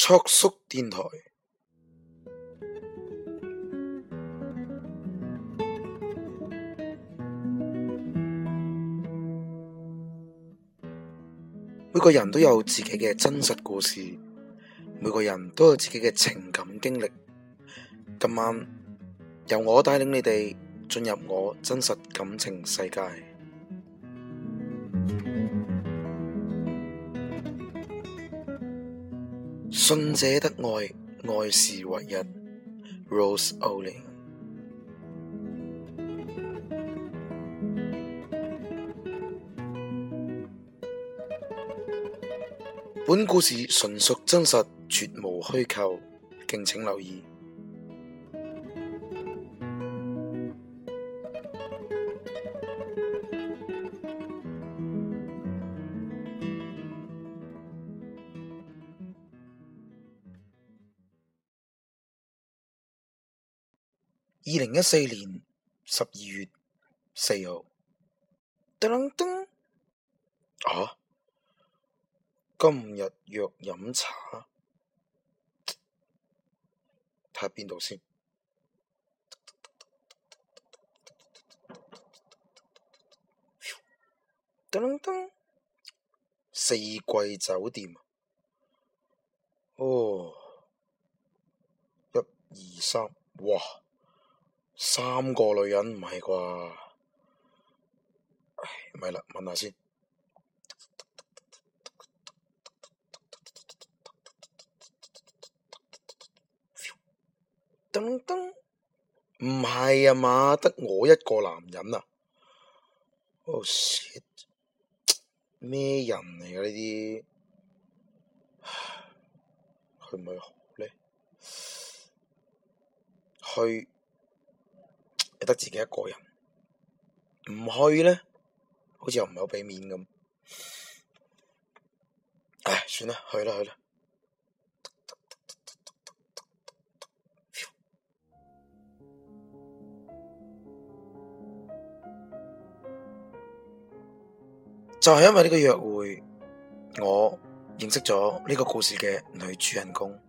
速速電台，每個人都有自己嘅真實故事，每個人都有自己嘅情感經歷。今晚由我帶領你哋進入我真實感情世界。信者得愛，愛是唯一。Rose Olin。本故事純屬真實，絕無虛構，敬請留意。二零一四年十二月四號，叮噹叮，啊！今日約飲茶，睇下邊度先，叮噹叮，四季酒店，哦，一二三，嘩！三個女人唔係啩？唔係啦，問下先。噔噔，噔，噔，噔，唔係啊嘛，得我一個男人啊！哦，shit，咩人嚟㗎呢啲？去唔去咧？去。得自己一個人，唔去咧，好似又唔係好俾面咁。唉，算啦，去啦去啦。就係因為呢個約會，我認識咗呢個故事嘅女主人公。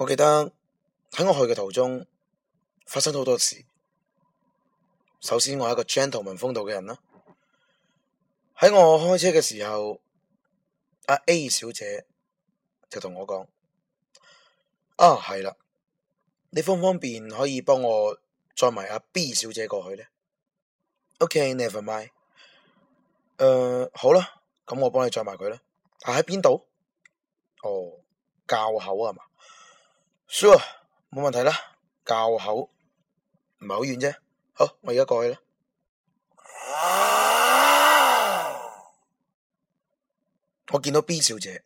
我記得喺我去嘅途中發生好多事。首先，我係一個 gentleman 風度嘅人啦。喺我開車嘅時候，阿 A 小姐就同我講：，啊，係啦，你方唔方便可以幫我載埋阿 B 小姐過去呢 OK、okay, never mind 誒、呃，好啦，咁我幫你載埋佢啦。但喺邊度？哦，滘口啊嘛？sure 冇問題啦，滘口唔係好遠啫，好，我而家過去啦。我見到 B 小姐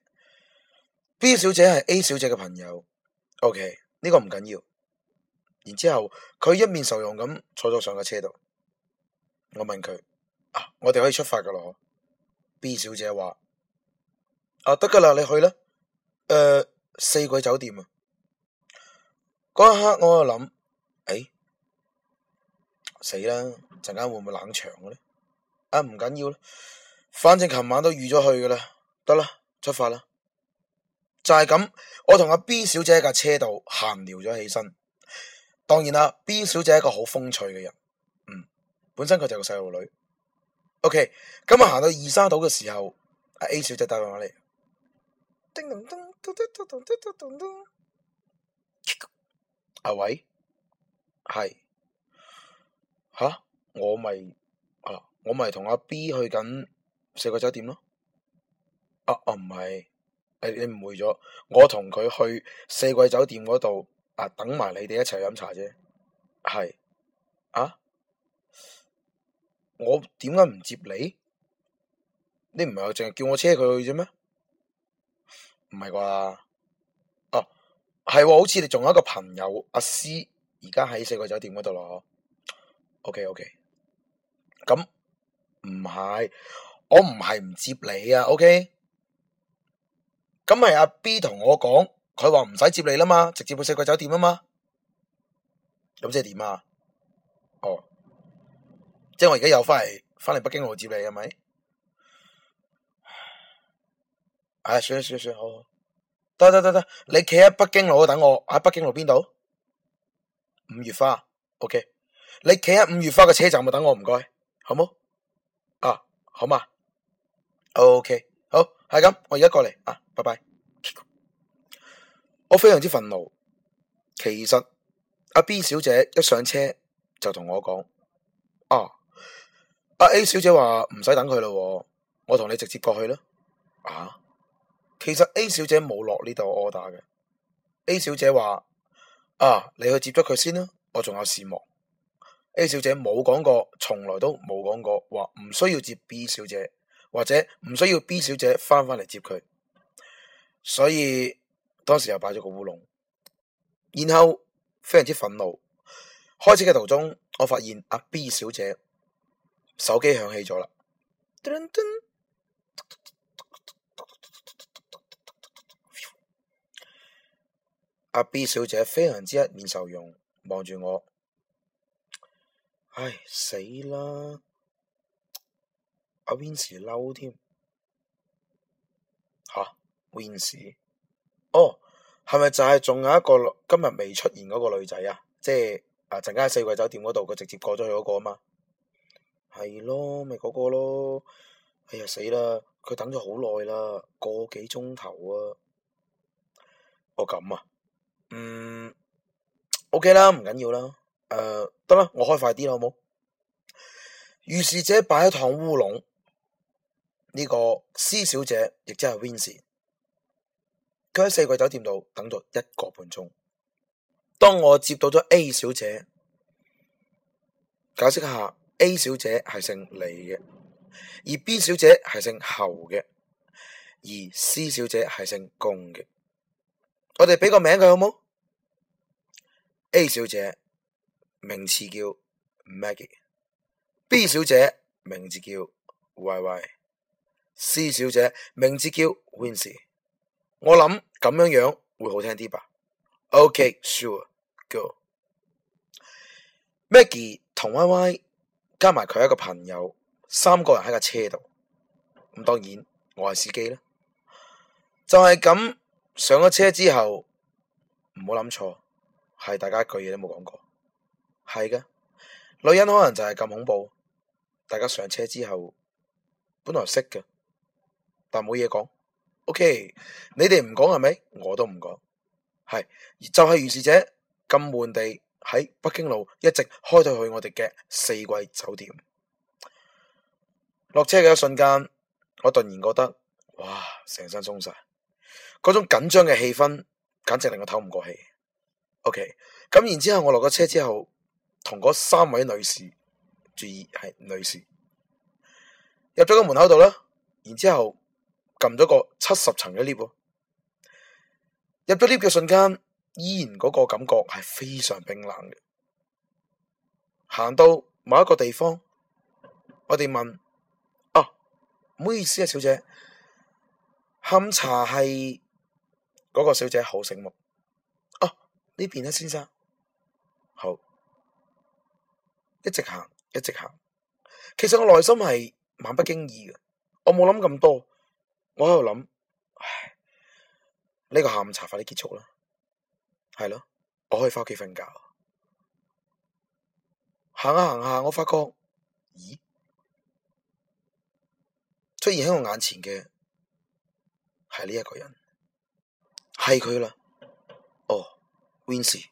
，B 小姐係 A 小姐嘅朋友。OK，呢個唔緊要。然之後佢一面愁容咁坐咗上架車度。我問佢、啊：，我哋可以出發噶啦。B 小姐話：，啊得噶啦，你去啦。誒、呃、四季酒店啊。嗰一刻我就，我喺度諗：，哎，死啦！陣間會唔會冷場嘅咧？啊，唔緊要啦，反正琴晚都預咗去嘅啦，得啦，出發啦！就係、是、咁，我同阿 B 小姐喺架車度閒聊咗起身。當然啦，B 小姐係一個好風趣嘅人，嗯，本身佢就係個細路女。OK，今日行到二沙島嘅時候，阿 A 小姐打電話嚟。叮咚咚咚。阿、啊、喂，係，吓我咪啊我咪同阿 B 去緊四季酒店咯，啊啊唔係，你你誤會咗，我同佢去四季酒店嗰度啊，等埋你哋一齊飲茶啫。係，啊，我點解唔接你？你唔係淨係叫我車佢去啫咩？唔係啩？係，好似你仲有一個朋友阿 C，而家喺四季酒店嗰度咯。OK，OK，咁唔係，我唔係唔接你啊。OK，咁咪阿 B 同我講，佢話唔使接你啦嘛，直接去四季酒店啊嘛。咁即係點啊？哦，即係我而家又翻嚟，翻嚟北京度接你係咪？唉，算啦，算啦，算啦，好，好。得得得得，你企喺北京路等我，喺北京路邊度？五月花，OK，你企喺五月花嘅車站度等我？唔該，好冇啊？好嘛？OK，好係咁，我而家過嚟啊！拜拜。 我非常之憤怒。其實阿 B 小姐一上車就同我講：啊，阿 A 小姐話唔使等佢咯，我同你直接過去啦。啊？其實 A 小姐冇落呢度 order 嘅，A 小姐話：啊，你去接咗佢先啦，我仲有事忙。A 小姐冇講過，從來都冇講過話唔需要接 B 小姐，或者唔需要 B 小姐翻返嚟接佢。所以當時又擺咗個烏龍，然後非常之憤怒。開始嘅途中，我發現阿 B 小姐手機響起咗啦。阿 B 小姐非常之一面愁容，望住我。唉，死啦！阿 Wins 嬲添，吓 Wins？哦，係咪就係仲有一個今日未出現嗰個女仔啊？即係啊，陣間喺四季酒店嗰度，佢直接過咗去嗰個啊嘛。係咯，咪嗰個咯。哎呀，死啦！佢等咗好耐啦，個幾鐘頭啊。哦，咁啊。嗯，OK 啦，唔緊要啦，誒、呃，得啦，我開快啲啦，好冇？於是者擺一堂烏龍，呢、這個 C 小姐，亦即係 Wins，佢喺四季酒店度等咗一個半鐘。當我接到咗 A 小姐，解釋下，A 小姐係姓李嘅，而 B 小姐係姓侯嘅，而 C 小姐係姓龔嘅，我哋俾個名佢好冇？A 小姐名字叫 Maggie，B 小姐名字叫 Y Y，C 小姐名字叫 Wincy。我諗咁樣樣會好聽啲吧？OK，sure，go。Okay, sure, go. Maggie 同 Y Y 加埋佢一個朋友，三個人喺架車度。咁當然我係司機啦。就係、是、咁上咗車之後，唔好諗錯。係大家一句嘢都冇講過，係嘅。女人可能就係咁恐怖。大家上車之後，本來識嘅，但冇嘢講。O.K. 你哋唔講係咪？我都唔講。係就係如是者咁悶地喺北京路一直開到去我哋嘅四季酒店。落車嘅一瞬間，我突然覺得，哇！成身鬆晒，嗰種緊張嘅氣氛簡直令我透唔過氣。O.K. 咁然之後我落咗車之後，同嗰三位女士，注意係女士，入咗個門口度啦。然之後撳咗個七十層嘅 lift，入咗 lift 嘅瞬間，依然嗰個感覺係非常冰冷嘅。行到某一個地方，我哋問：啊，唔好意思啊，小姐，下午茶係嗰、那個小姐好醒目。呢邊呢，先生，好，一直行，一直行。其實我內心係蠻不經意嘅，我冇諗咁多，我喺度諗，唉，呢、這個下午茶快啲結束啦，係咯，我可以翻屋企瞓覺。行下、啊、行下、啊，我發覺，咦，出現喺我眼前嘅係呢一個人，係佢啦，哦。w i n s e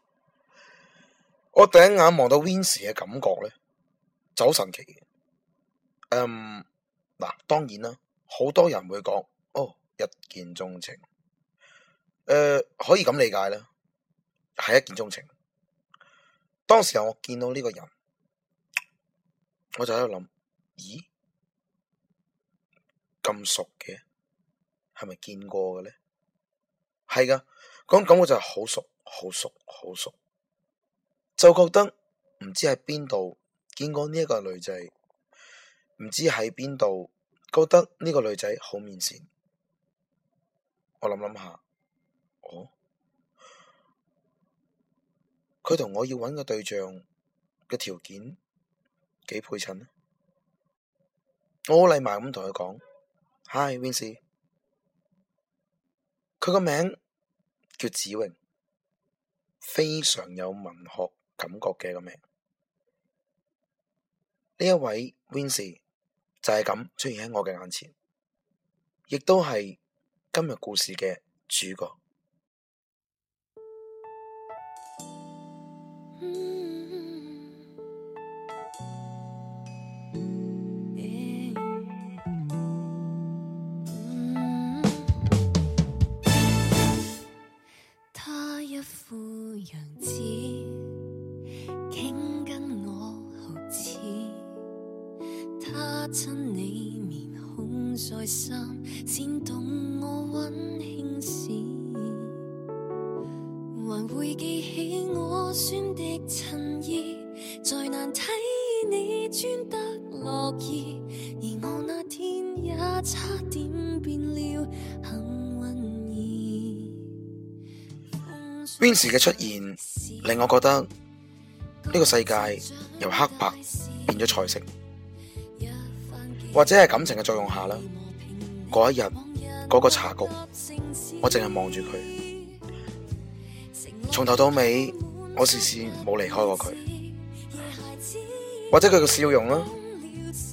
我第一眼望到 w i n s e 嘅感覺咧，好神奇嘅。嗯，嗱，當然啦，好多人會講哦，一見鍾情。誒、呃，可以咁理解啦，係一見鍾情。當時候我見到呢個人，我就喺度諗，咦，咁熟嘅，係咪見過嘅咧？係噶，嗰感覺就係好熟。好熟，好熟，就覺得唔知喺邊度見過呢一個女仔，唔知喺邊度覺得呢個女仔好面善。我諗諗下，哦，佢同我要揾個對象嘅條件幾配襯呢？我好禮貌咁同佢講，Hi，Vincy，佢個名叫子榮。非常有文學感覺嘅個名，呢一位 Winsy 就係咁出現喺我嘅眼前，亦都係今日故事嘅主角。 Winch 嘅出現令我覺得呢個世界由黑白變咗彩色，或者係感情嘅作用下啦。嗰一日嗰個茶局，我淨係望住佢，從頭到尾我次次冇離開過佢，或者佢嘅笑容啦，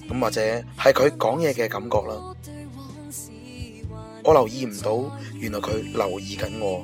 咁或者係佢講嘢嘅感覺啦，我留意唔到，原來佢留意緊我。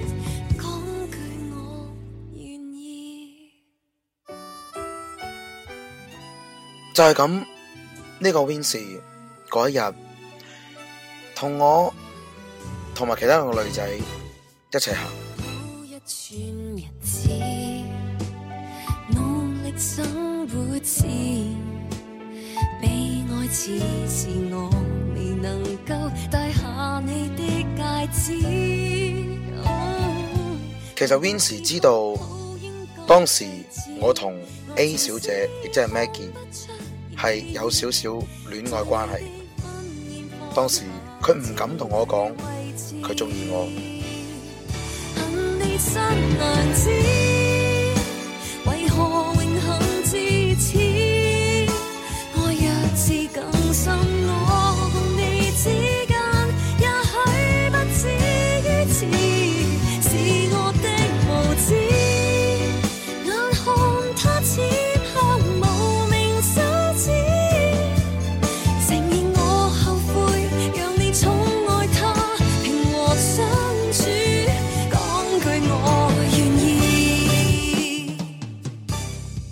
就係咁，呢、這個 Vince，嗰一日，同我同埋其他兩個女仔一齊行。其實 Vince 知道，當時我同 A 小姐亦即係 Maggie，係有少少戀愛關係，當時佢唔敢同我講，佢中意我。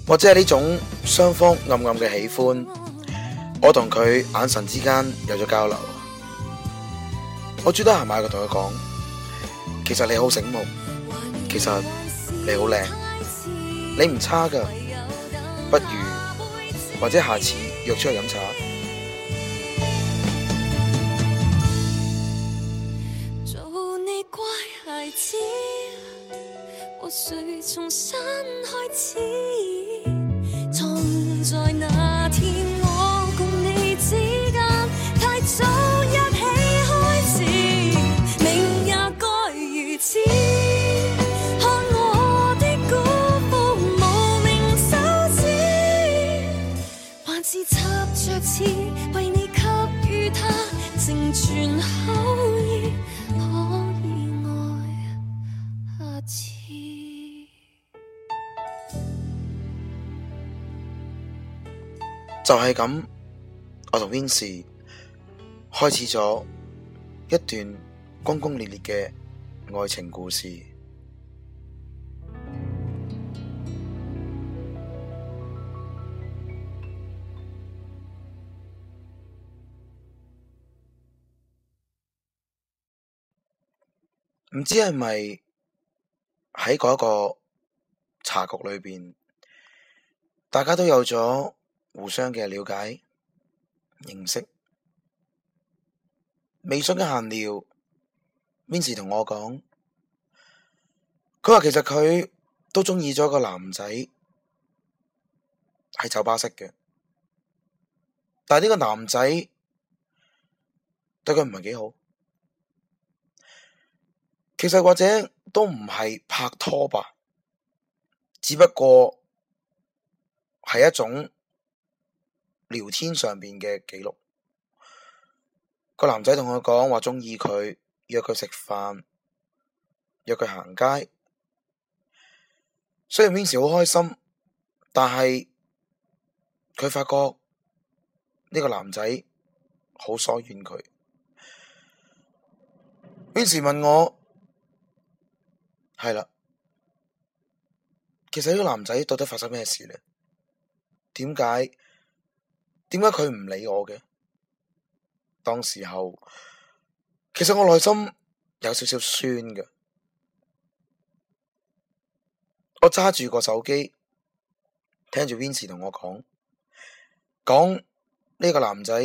或者係呢種雙方暗暗嘅喜歡，我同佢眼神之間有咗交流。我最多係行埋去同佢講，其實你好醒目，其實你好靚，你唔差㗎，不如或者下次約出去飲茶。誰重新開始？就係咁，我同 Vincy 開始咗一段轟轟烈烈嘅愛情故事。唔知係咪喺嗰個茶局裏邊，大家都有咗。互相嘅了解、認識，微信嘅閒聊，Vincy 同我講，佢話其實佢都鍾意咗個男仔，喺酒吧識嘅，但係呢個男仔對佢唔係幾好，其實或者都唔係拍拖吧，只不過係一種。聊天上面嘅記錄，那個男仔同我講話中意佢，約佢食飯，約佢行街。雖然 Win 時好開心，但係佢發覺呢個男仔好疏遠佢。Win 時問我係啦，其實呢個男仔到底發生咩事呢？點解？點解佢唔理我嘅？當時候，其實我內心有少少酸嘅。我揸住個手機，聽住 Vince 同我講，講呢個男仔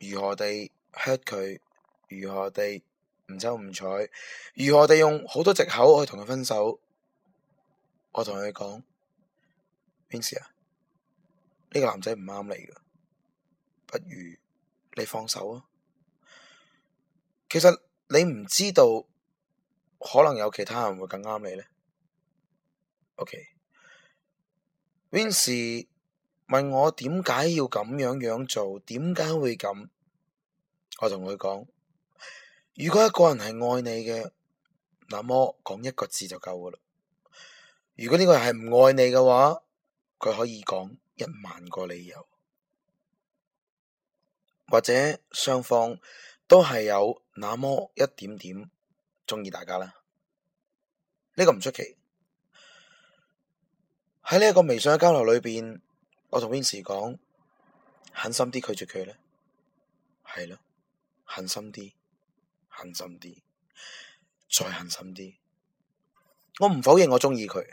如何地 hurt 佢，如何地唔走唔睬，如何地用好多藉口去同佢分手。我同佢講，Vince 啊，呢個男仔唔啱你嘅。不如你放手啊！其實你唔知道，可能有其他人會更啱你呢。OK，Vinny 問我點解要咁樣樣做，點解會咁？我同佢講：如果一個人係愛你嘅，那麼講一個字就夠噶啦。如果呢個人係唔愛你嘅話，佢可以講一萬個理由。或者雙方都係有那麼一點點鍾意大家啦，呢、呢個唔出奇。喺呢一個微信嘅交流裏邊，我同 Win 時講，狠心啲拒絕佢呢係咯，狠心啲，狠心啲，再狠心啲。我唔否認我鍾意佢，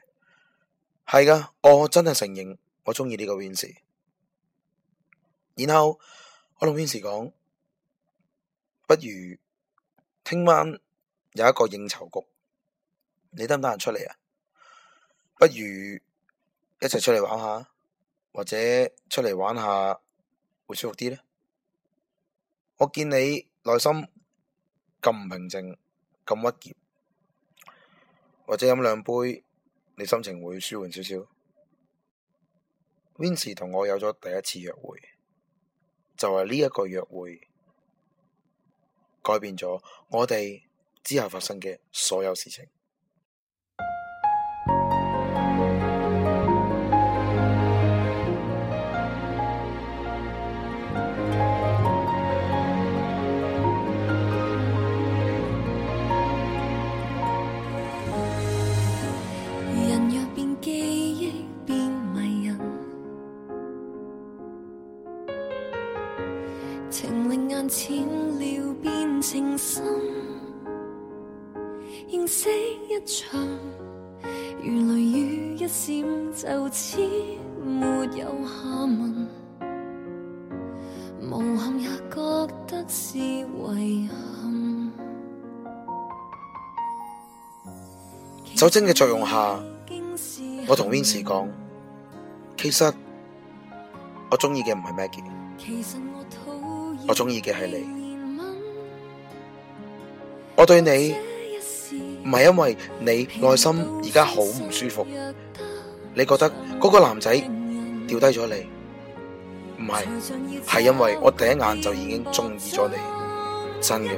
係噶，我真係承認我鍾意呢個 Win 時。然後。我同 Vinny 講，不如聽晚有一個應酬局，你得唔得閒出嚟啊？不如一齊出嚟玩下，或者出嚟玩下會舒服啲呢。我見你內心咁平靜、咁鬱結，或者飲兩杯，你心情會舒緩少少。Vinny 同我有咗第一次約會。就係呢一個約會，改變咗我哋之後發生嘅所有事情。酒精嘅作用下，我同 Vincent 講，其實我中意嘅唔係 Maggie，我中意嘅係你。我對你唔係因為你內心而家好唔舒服，你覺得嗰個男仔掉低咗你，唔係，係因為我第一眼就已經中意咗你，真嘅。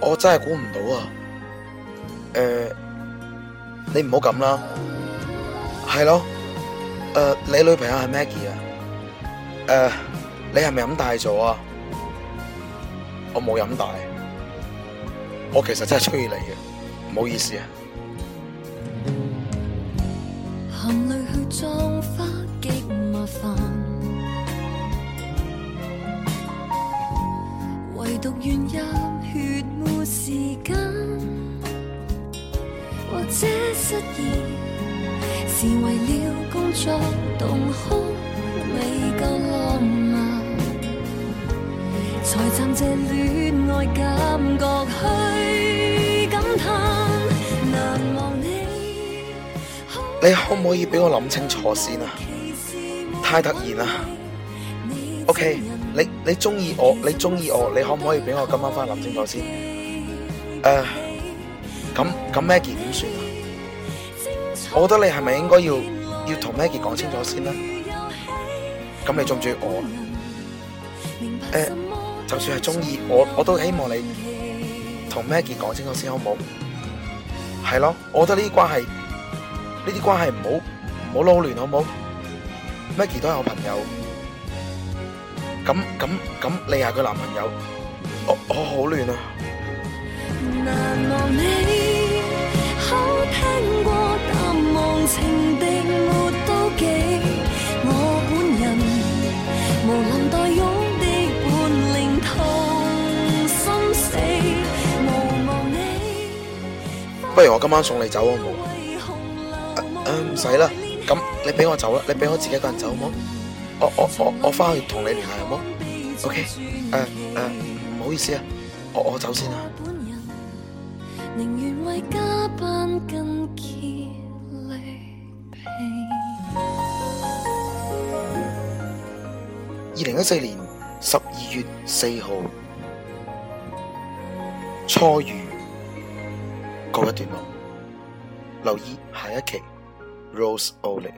我真係估唔到啊！誒、呃，你唔好咁啦，係咯？誒、呃，你女朋友係 Maggie 啊？誒、呃，你係咪飲大咗啊？我冇飲大，我其實真係吹你嘅，唔好意思啊。 你可唔可以俾我諗清楚先啊？太突然啦。OK，你你中意我，你中意我，你可唔可以俾我今晚翻諗清楚先？誒、呃，咁 Maggie 點算啊？我覺得你係咪應該要？要同 Maggie 講清楚先啦，咁你中唔中意我？誒，就算係中意，我我都希望你同 Maggie 講清楚先好冇？係咯，我覺得呢啲關係，呢啲關係唔好唔好撈亂好冇？Maggie 都係我朋友，咁咁咁，你係佢男朋友，我我好亂啊！難忘你，好聽過淡忘情？不如我今晚送你走好唔好？唔使啦，咁、啊、你俾我走啦，你俾我自己一個人走好唔好？我我我我翻去同你聯繫好唔好？OK？唔好意思啊，我我走先啦。二零一四年十二月四號，初遇。過一段路，留意下一期《Rose Only》。